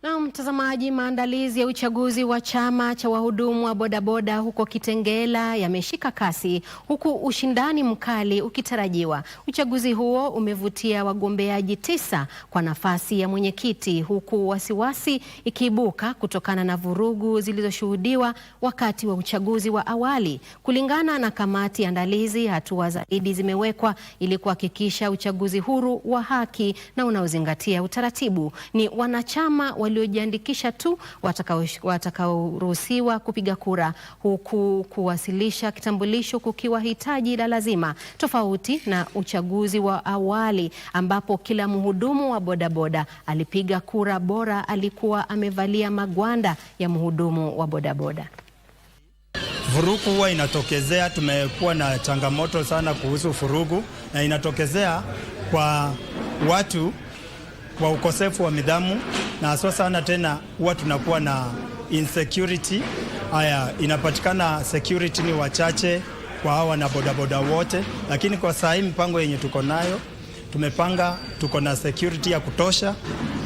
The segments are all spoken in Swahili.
那 Mtazamaji, maandalizi ya uchaguzi wa chama cha wahudumu wa bodaboda huko Kitengela yameshika kasi huku ushindani mkali ukitarajiwa. Uchaguzi huo umevutia wagombeaji tisa kwa nafasi ya mwenyekiti, huku wasiwasi ikiibuka kutokana na vurugu zilizoshuhudiwa wakati wa uchaguzi wa awali. Kulingana na kamati andalizi, hatua zaidi zimewekwa ili kuhakikisha uchaguzi huru wa haki na unaozingatia utaratibu. Ni wanachama walio kujiandikisha tu watakaoruhusiwa kupiga kura, huku kuwasilisha kitambulisho kukiwa hitaji la lazima, tofauti na uchaguzi wa awali ambapo kila mhudumu wa bodaboda alipiga kura bora alikuwa amevalia magwanda ya mhudumu wa bodaboda. Vurugu huwa inatokezea. Tumekuwa na changamoto sana kuhusu furugu na inatokezea kwa watu wa ukosefu wa midhamu na haswa sana tena huwa tunakuwa na insecurity. Haya, inapatikana security ni wachache kwa hawa na bodaboda wote, lakini kwa saa hii mipango yenye tuko nayo tumepanga, tuko na security ya kutosha,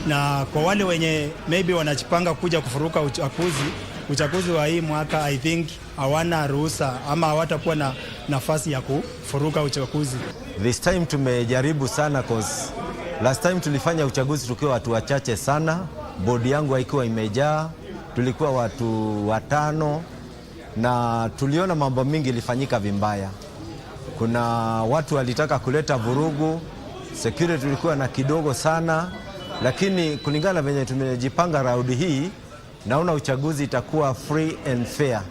na kwa wale wenye maybe wanajipanga kuja kufuruka uchaguzi uchaguzi wa hii mwaka I think hawana ruhusa ama hawatakuwa na nafasi ya kufuruka uchaguzi. This time tumejaribu sana cause Last time tulifanya uchaguzi tukiwa watu wachache sana, bodi yangu haikuwa imejaa, tulikuwa watu watano, na tuliona mambo mingi ilifanyika vibaya. Kuna watu walitaka kuleta vurugu, security tulikuwa na kidogo sana, lakini kulingana venye tumejipanga, raudi hii naona uchaguzi itakuwa free and fair.